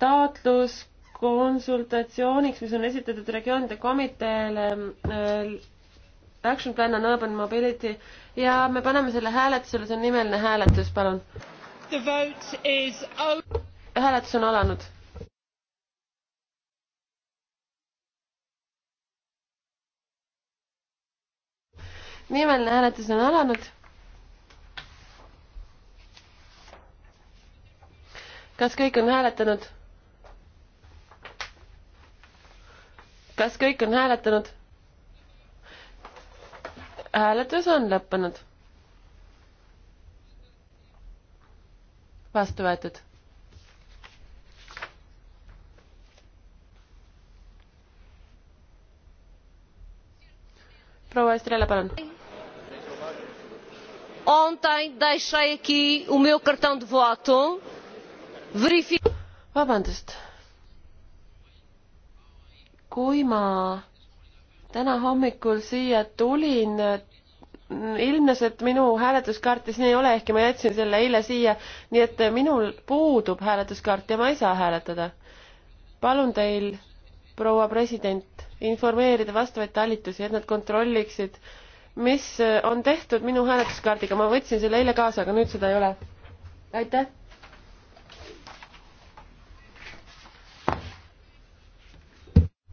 taotlus konsultatsiooniks, mis on esitatud regioonide komiteele äh, Action Plan on Urban Mobility ja me paneme selle hääletusele, see on nimeline hääletus, palun. Is... hääletus on alanud. nimeline hääletus on alanud kas kõik on hääletanud? kas kõik on hääletanud? hääletus on lõppenud. vastu võetud. proua Estrela, palun. Ontem deixei aqui o meu cartão de voto verifi-. vabandust. kui ma täna hommikul siia tulin, ilmnes, et minu hääletuskaarti siin ei ole, ehkki ma jätsin selle eile siia, nii et minul puudub hääletuskaart ja ma ei saa hääletada. palun teil, proua president, informeerida vastavaid talitusi, et nad kontrolliksid, mis on tehtud minu hääletuskaardiga, ma võtsin selle eile kaasa, aga nüüd seda ei ole. aitäh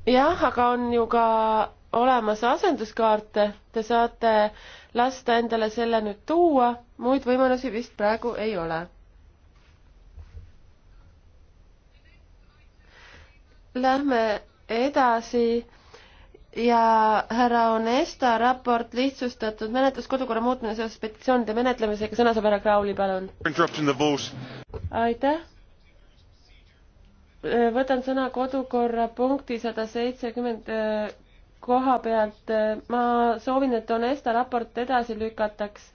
jah, aga on ju ka olemas asenduskaarte, te saate lasta endale selle nüüd tuua, muid võimalusi vist praegu ei ole. Lähme edasi ja härra Onesta raport lihtsustatud menetlus kodukorra muutmine seoses petitsioonide menetlemisega, sõna saab härra Krauli, palun. aitäh Äh, võtan sõna kodukorra punkti sada seitsekümmend äh, koha pealt. Äh, ma soovin, et Onesta raport edasi lükataks,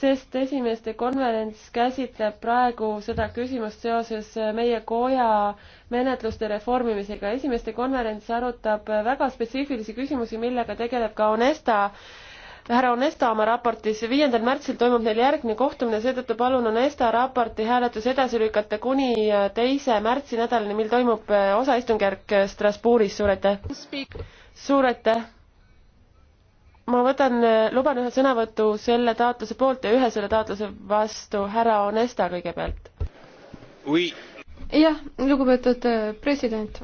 sest esimeste konverents käsitleb praegu seda küsimust seoses meie koja menetluste reformimisega. esimeste konverents arutab väga spetsiifilisi küsimusi, millega tegeleb ka Onesta äh, härra Onesta oma raportis. viiendal märtsil toimub neil järgmine kohtumine, seetõttu palun Onesta raporti hääletus edasi lükata kuni äh, teise märtsi nädalani, mil toimub äh, osaistungjärk äh, Strasbourgis. suur aitäh! suur aitäh! ma võtan, luban ühe sõnavõtu selle taotluse poolt ja ühe selle taotluse vastu. härra Onesta kõigepealt. jah, lugupeetud president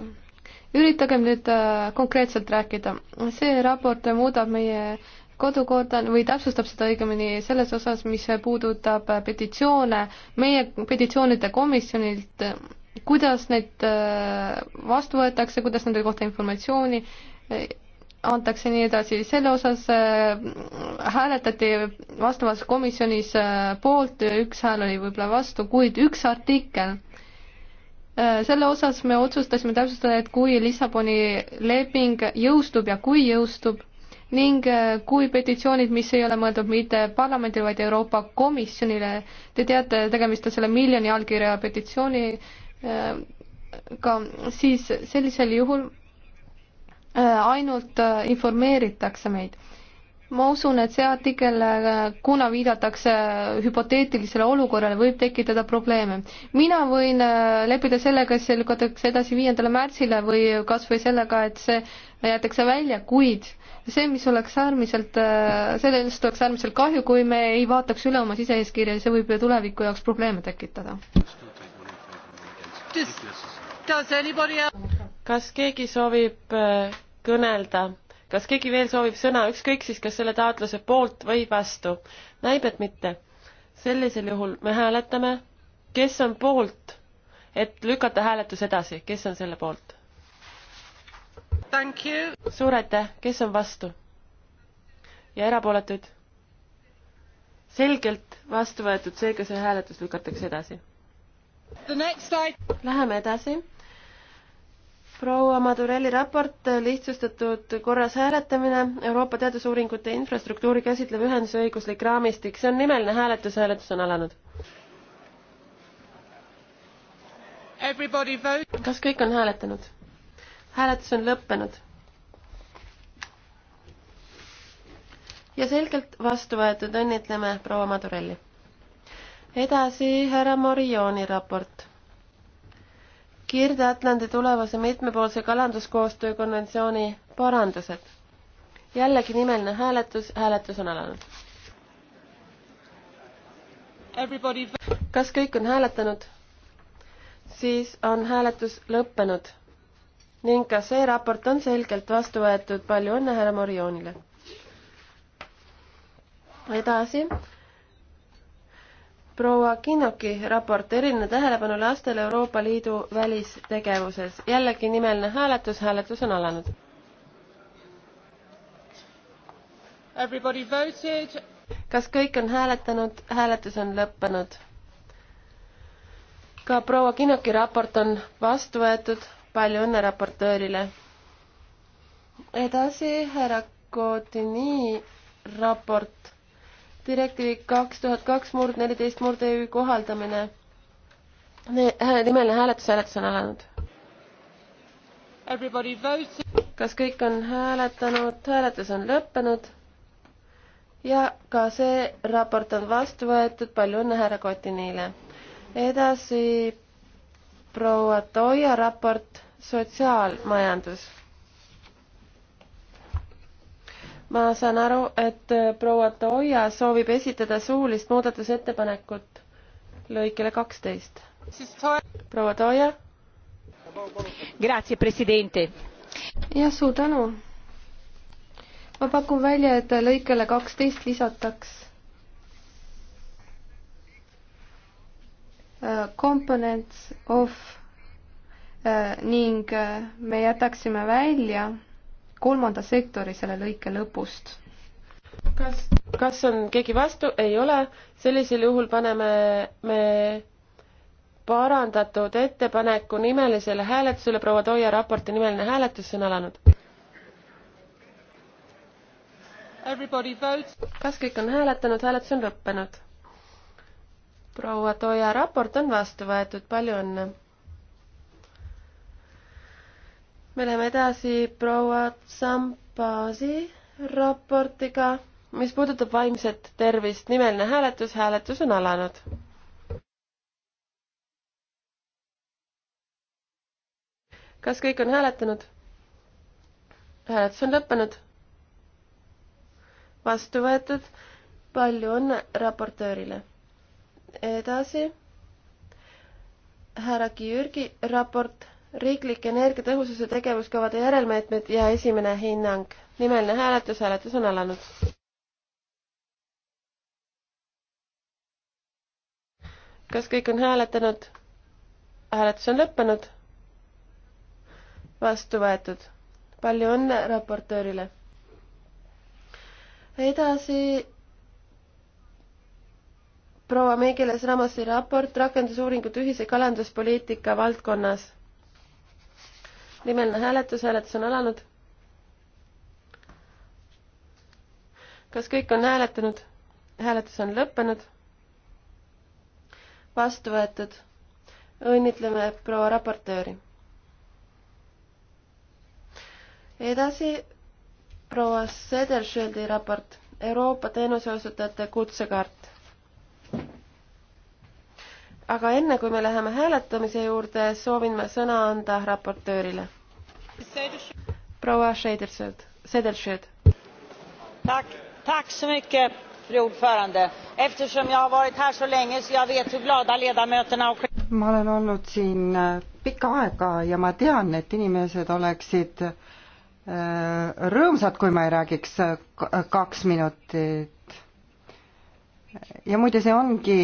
üritagem nüüd konkreetselt rääkida. see raport muudab meie kodukorda või täpsustab seda õigemini selles osas, mis puudutab petitsioone meie petitsioonide komisjonilt, kuidas need äh, vastu võetakse, kuidas nende kohta informatsiooni äh, antakse nii edasi, selle osas äh, hääletati vastavas komisjonis poolt, üks hääl oli võib-olla vastu, kuid üks artikkel selle osas me otsustasime täpsustada, et kui Lissaboni leping jõustub ja kui jõustub, ning äh, kui petitsioonid, mis ei ole mõeldud mitte parlamendile, vaid Euroopa Komisjonile, te teate, tegemist on selle miljoni allkirja petitsiooniga, äh, siis sellisel juhul äh, ainult informeeritakse meid. ma usun, et see artikkel, kuna viidatakse hüpoteetilisele olukorrale, võib tekitada probleeme. mina võin leppida sellega, et see lükatakse edasi viiendale märtsile või kas või sellega, et see jäetakse välja, kuid see, mis oleks äärmiselt, äh, sellest oleks äärmiselt kahju, kui me ei vaataks üle oma sise-eeskirja ja see võib ju tuleviku jaoks probleeme tekitada. kas keegi soovib äh, kõnelda? kas keegi veel soovib sõna, ükskõik siis, kas selle taotluse poolt või vastu? näib, et mitte. sellisel juhul me hääletame, kes on poolt, et lükata hääletus edasi, kes on selle poolt? suur aitäh, kes on vastu? ja erapooletuid? selgelt vastu võetud, seega see hääletus lükatakse edasi. Läheme edasi. proua Madurelli raport, lihtsustatud korras hääletamine, Euroopa teadusuuringute infrastruktuuri käsitlev ühenduse õiguslik raamistik, see on nimeline hääletus, hääletus on alanud. kas kõik on hääletanud? hääletus on lõppenud. ja selgelt vastu võetud, õnnitleme proua Madurelli. edasi härra Morioni raport. Kirde-Atlandi tulevase mitmepoolse kalanduskoostöö konventsiooni parandused. jällegi nimeline hääletus, hääletus on alanud. kas kõik on hääletanud? siis on hääletus lõppenud ning ka see raport on selgelt vastu võetud. palju õnne härra Morionile. edasi. proua Kinnoki raport, eriline tähelepanu lastele Euroopa Liidu välistegevuses. jällegi nimeline hääletus, hääletus on alanud. kas kõik on hääletanud, hääletus on lõppenud? ka proua Kinnoki raport on vastu võetud palju õnne raportöörile. edasi härra Kodini raport. direktiivi kaks tuhat kaks murd neliteist murd EÜ kohaldamine. nimeline hääletus, hääletus on alanud. kas kõik on hääletanud, hääletus on lõppenud? ja ka see raport on vastu võetud, palju õnne härra Kotinile. edasi proua Toia raport Sotsiaalmajandus. ma saan aru, et äh, proua Toia soovib esitada suulist muudatusettepanekut lõikele kaksteist. proua Toia. Grazie, presidente. jah, suur tänu. ma pakun välja, et lõikele kaksteist lisataks Uh, components of uh, ning uh, me jätaksime välja kolmanda sektori selle lõike lõpust. kas, kas on keegi vastu? ei ole. sellisel juhul paneme me parandatud ettepaneku nimelisele hääletusele. proua Toia raporti nimeline hääletus on alanud. kas kõik on hääletanud? hääletus on lõppenud proua Toja raport on vastu võetud, palju õnne! me läheme edasi proua Tsambasi raportiga, mis puudutab vaimset tervist. nimeline hääletus, hääletus on alanud. kas kõik on hääletanud? hääletus on lõppenud. vastu võetud. palju õnne raportöörile edasi härra Georgi raport riiklik energiatõhususe tegevuskavade järelmeetmed ja esimene hinnang. nimeline hääletus, hääletus on alanud. kas kõik on hääletanud? hääletus on lõppenud. vastu võetud. palju õnne raportöörile. edasi proua Meigeles Ramosi raport rakendusuuringute ühise kalanduspoliitika valdkonnas. nimeline hääletus, hääletus on alanud. kas kõik on hääletanud? hääletus on lõppenud. vastu võetud. õnnitleme proua raportööri. edasi proua Sederschildi raport Euroopa teenuseosutajate kutsekaart aga enne, kui me läheme hääletamise juurde, soovin ma sõna anda raportöörile. proua Scheidersöld, Sedersöld. ma olen olnud siin äh, pikka aega ja ma tean, et inimesed oleksid äh, rõõmsad, kui ma ei räägiks äh, kaks minutit ja muide, see ongi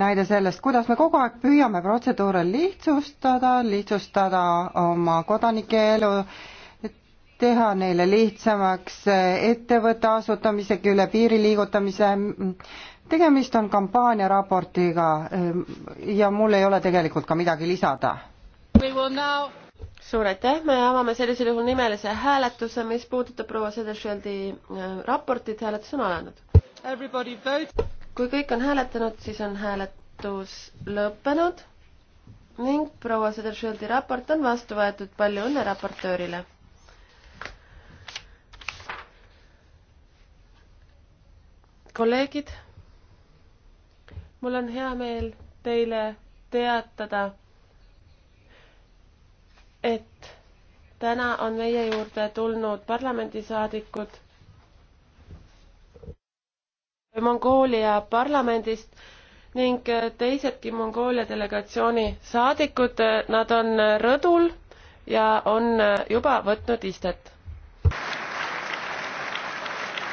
näide sellest, kuidas me kogu aeg püüame protseduure lihtsustada, lihtsustada oma kodanike elu, teha neile lihtsamaks ettevõtte asutamisega üle piiri liigutamise. tegemist on kampaaniaraportiga ja mul ei ole tegelikult ka midagi lisada. suur aitäh, me avame sellisel juhul nimelise hääletuse, mis puudutab proua Sederschildi äh, raportit, hääletus on alanud kui kõik on hääletanud, siis on hääletus lõppenud ning proua Sederschildi raport on vastu võetud. palju õnne raportöörile! kolleegid, mul on hea meel teile teatada, et täna on meie juurde tulnud parlamendisaadikud Mongoolia parlamendist ning äh, teisedki Mongoolia delegatsiooni saadikud, äh, nad on äh, rõdul ja on juba võtnud istet